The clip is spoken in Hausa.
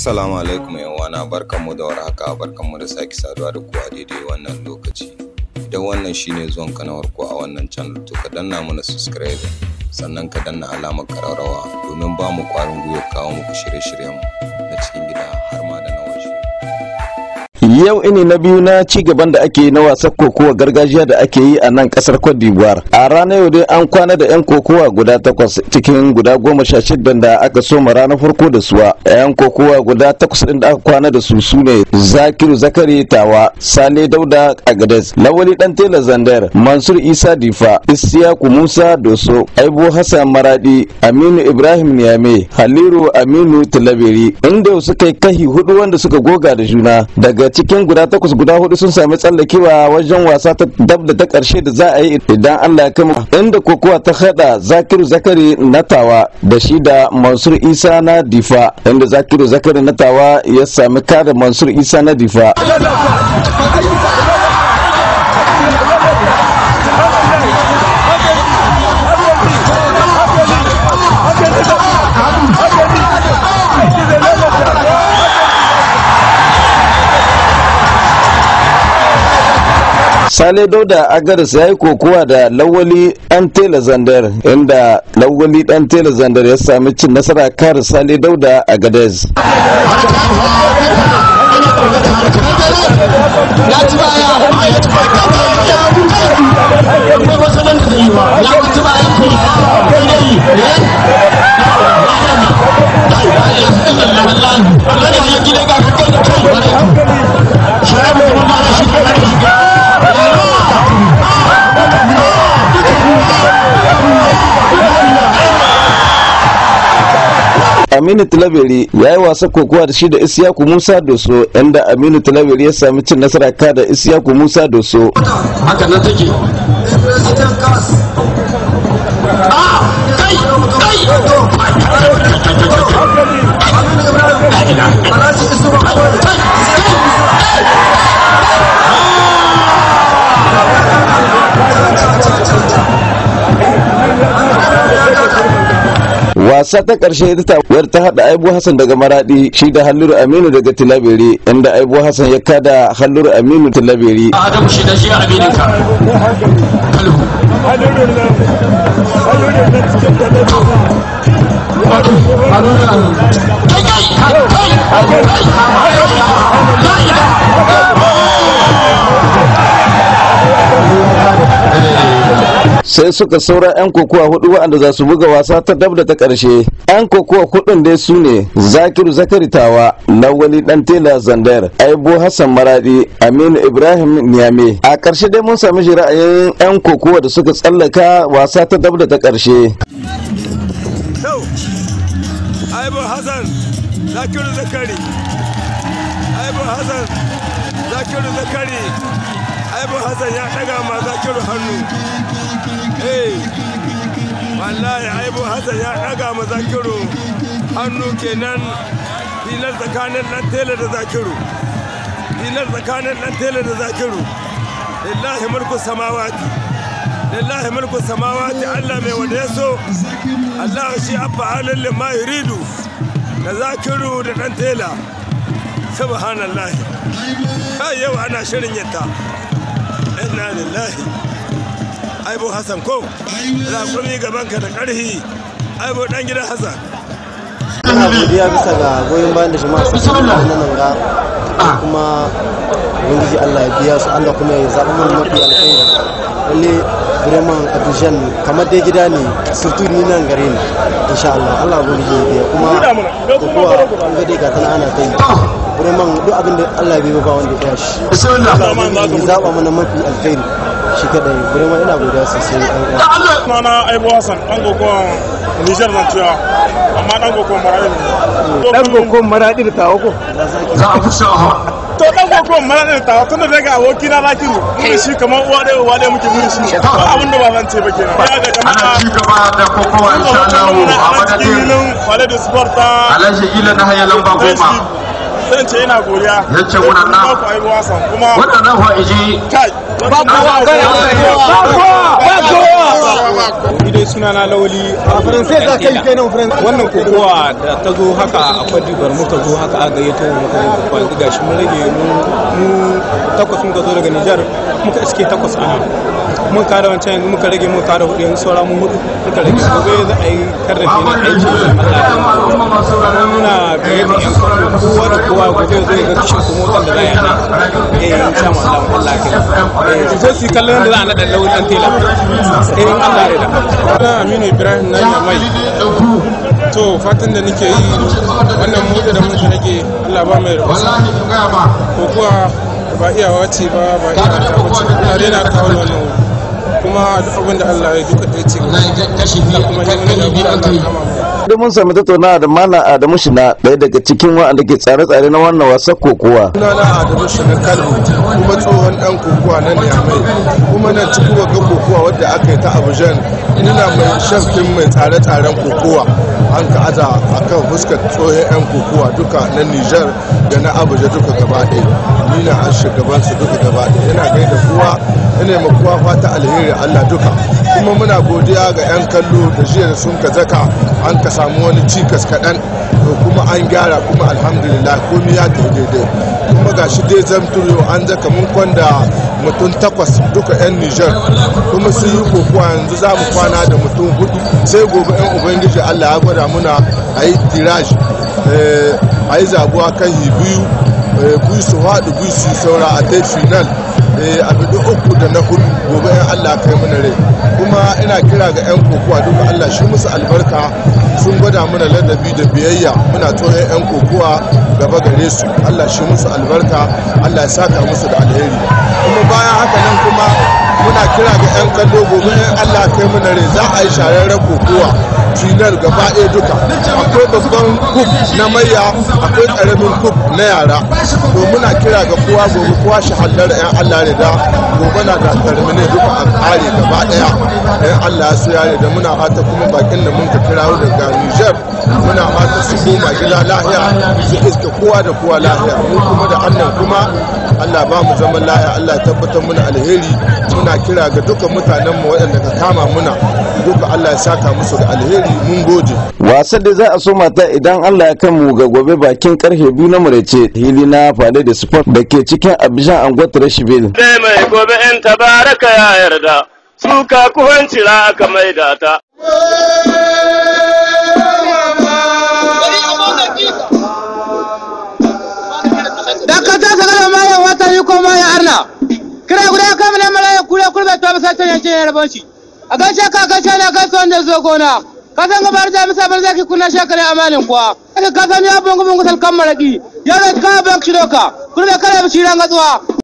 Assalamu alaikum barkan mu da warhaka mu da sake saduwa da kuwa daidai wannan lokaci. Idan wannan shine zuwan kanawar na a wannan channel to ka danna mana subscribe sannan ka danna alamar kararrawa domin ba mu kwarin gwiwa kawo muku shirye-shiryen mu. yau ini na biyu na ci gaban da ake yi na wasan kokowa gargajiya da ake yi a nan kasar cote d'ivoire a ranar yau dai an kwana da yan kokowa guda takwas cikin guda goma sha shida da aka soma ranar farko da suwa yan kokowa guda takwas din da aka kwana da su sune zakiru zakari tawa sale dauda agades lawali dan tela zandar mansur isa difa isiyaku musa doso aibu hassan maradi aminu ibrahim niyame haliru aminu tilaberi inda suka kai kahi hudu wanda suka goga da juna daga cikin guda takwas guda hudu sun sami tsallakewa wajen wasa ta dab da ta karshe da za a yi idan Allah ya kama inda kokowa ta hada Zakiru Zakari tawa da shi da Mansur Isa na Difa inda Zakiru Zakari tawa ya sami kada Mansur Isa na Difa. sale dauda agaris ya yi kokowa da lawali dan tela zandar inda lawali dan tela zandar ya sami cin nasara kar sale dauda agares Thank aminu tilaberi ya yi wasa kokowa da shi da isiyaku musa doso inda aminu tilaberi ya sami cin nasara ka da isiyaku musa doso haka Ah! wasa ta karshe ita ta wayar ta hada aibu hassan daga maradi shi da halluru aminu daga tilaberi inda aibu hassan ya kada halluru aminu adam shi da shi aminu ka Haruna sai suka saura 'yan kokowa hudu waɗanda za su buga wasa ta dab da ta ƙarshe 'yan kokowa hudun dai su ne zakiru zakaritawa na wani dan tela zandar aibo hassan maradi aminu ibrahim niyame a ƙarshe dai mun sami shi ra'ayin 'yan kokowa da suka tsallaka wasa ta dab da ta ƙarshe aibo hassan zakiru zakari aibo hassan zakiru zakari shaibu hassan ya daga maza kiro hannu eh wallahi aibu hassan ya daga maza kiro hannu kenan filar tsakanin dan tela da zakiru filar tsakanin dan tela da zakiru lillahi mulku samawati lillahi mulku samawati allah mai wanda ya so allah shi abba halin lima yuridu da zakiru da dan tela subhanallah yau ana shirin yatta inna lillahi aibu hassan ko raƙumi gaban ka da karhi aibu dan gidan hassan ina godiya bisa ga goyon bayan da jama'a su ke nan ga kuma ubangiji allah ya biya su allah kuma ya zaɓa mana mafi alkhairi wani bremen abijan kamar dai gida ne surtu ni nan gare ni insha allah allah ubangiji ya biya kuma da kuwa an ga dai ga tana ana ta yi ah. wurin man duk abin da Allah ya biyo ba wanda ya shi. Bismillah. Allah zaba mana mafi alkhairi shi kadai. man ina godiya sosai. an Allah na Aibu Hassan an goko Niger na tuya. Amma dan goko Maradi ne. Dan goko Maradi ta tawo Za a fusa ha. To dan gogon Maradi da tawo tunda daga aboki na Rakiru. Mun shi kamar uwa da uwa da muke mun shi. Ba abin da ba zan ce ba kenan. Ya ga jama'a. Ana ci gaba da kokowa insha Allah. Amma da madadin. Alhaji Ila na hayalan ba goma. zan ce ina godiya zan ce wannan na kuma wannan na fa kai ba kowa ba kowa ba ni suna na lawali a faransai za ka yi kai nan faransai wannan kokowa da ta zo haka a kwadi bar muka zo haka a gayyato mu muka zo kwadi gashi mun rage mu takwas muka zo daga Nijar muka iske takwas a nan mun kare wancan yanzu muka rage mun kare hudu yanzu saura mun hudu muka rage gobe za a yi karrafe na aiki Allah ya muna gayyato yan kowa da kowa gobe zai ga kishin kuma da za a yi eh da Aminu Ibrahim na mai to fatan da nake yi wannan mota da mutu nake Allah ba mai rabuwa ko kuwa ba iyawa ce ba ba iyawa ta wace Allah dai na kawo wannan kuma duk abin da Allah ya duka ta ce Allah kuma ne da Allah ya kama dai mun sami tattaunawa da mana Adamu Shina ɗaya daga cikin wa'anda ke tsare-tsare na wannan wasan kokowa. na Adamu Shina kalbi kuma tsohon ɗan kokowa na Niyamai kuma na cikin wakan kokowa wadda aka yi ta Abuja ina mai shafin mai tsare-tsaren kokowa. an ka aza a kan fuskar tsohon 'yan kokowa duka na nijar da na abuja duka gaba ɗaya ni na an shugaban duka gaba ɗaya gaida kowa kowa fata alheri allah duka kuma muna godiya ga 'yan kallo da jiya sun ka zaka an ka samu wani cikas kaɗan to kuma an gyara kuma alhamdulillah komi ya ta daidai kuma ga shi dai zamturo an zaka mun kwanda mutum takwas duka 'yan niger kuma sun yi kokowa yanzu za mu kwana da mutum hudu sai gobe 'yan ubangiji allah ya gwada muna a yi tiraj eh, a yi zabuwa kan hibiyu biyu eh, su haɗu biyu su saura a dai final Eh, a dubu uku da na hudu gobe yan Allah kai mana rai kuma ina kira ga yan kokowa duk Allah shi musu albarka sun gwada mana ladabi da biyayya muna tsohon yan kokowa gaba gare su Allah shi musu albarka Allah ya saka musu da alheri kuma bayan haka nan kuma muna kira ga yan kallo gobe yan Allah kai mana rai za a yi shararren kokowa tunel gaba ɗaya duka akwai babban kub na maiya akwai ƙaramin kub na yara to muna kira ga kowa gobe kowa shi hallar yan allah ne da gobe na da karmi ne duka a ƙare gaba ɗaya yan allah su yare da muna fata kuma bakin da mun ka kira daga niger muna fata su koma gida lahiya su iska kowa da kowa lahiya mu kuma da annan kuma Allah ba mu zaman laya, Allah tabbatar muna alheri muna kira ga duka mutanen mu waɗanda ka kama muna duka Allah ya saka musu da alheri mun gode wasan da za a so mata idan Allah ya kan mu ga gobe bakin karfe biyu na murece hili na fade da sport da ke cikin Abidjan Angwat Rashibil sai mai gobe in tabaraka ya yarda suka kuhanci ra aka maida ta ta yi koma ya arna kira guda ya kama na ya kula kulba ta masa ta yancin ya shi a gaishe ka gaishe na gaishe wanda zo gona ka san gabar da misa bar zaki kunna shakare amanin kuwa ka san ya bungu bungu sal kan maraki ya zai ka bank doka kulba kare bi shiran gatsuwa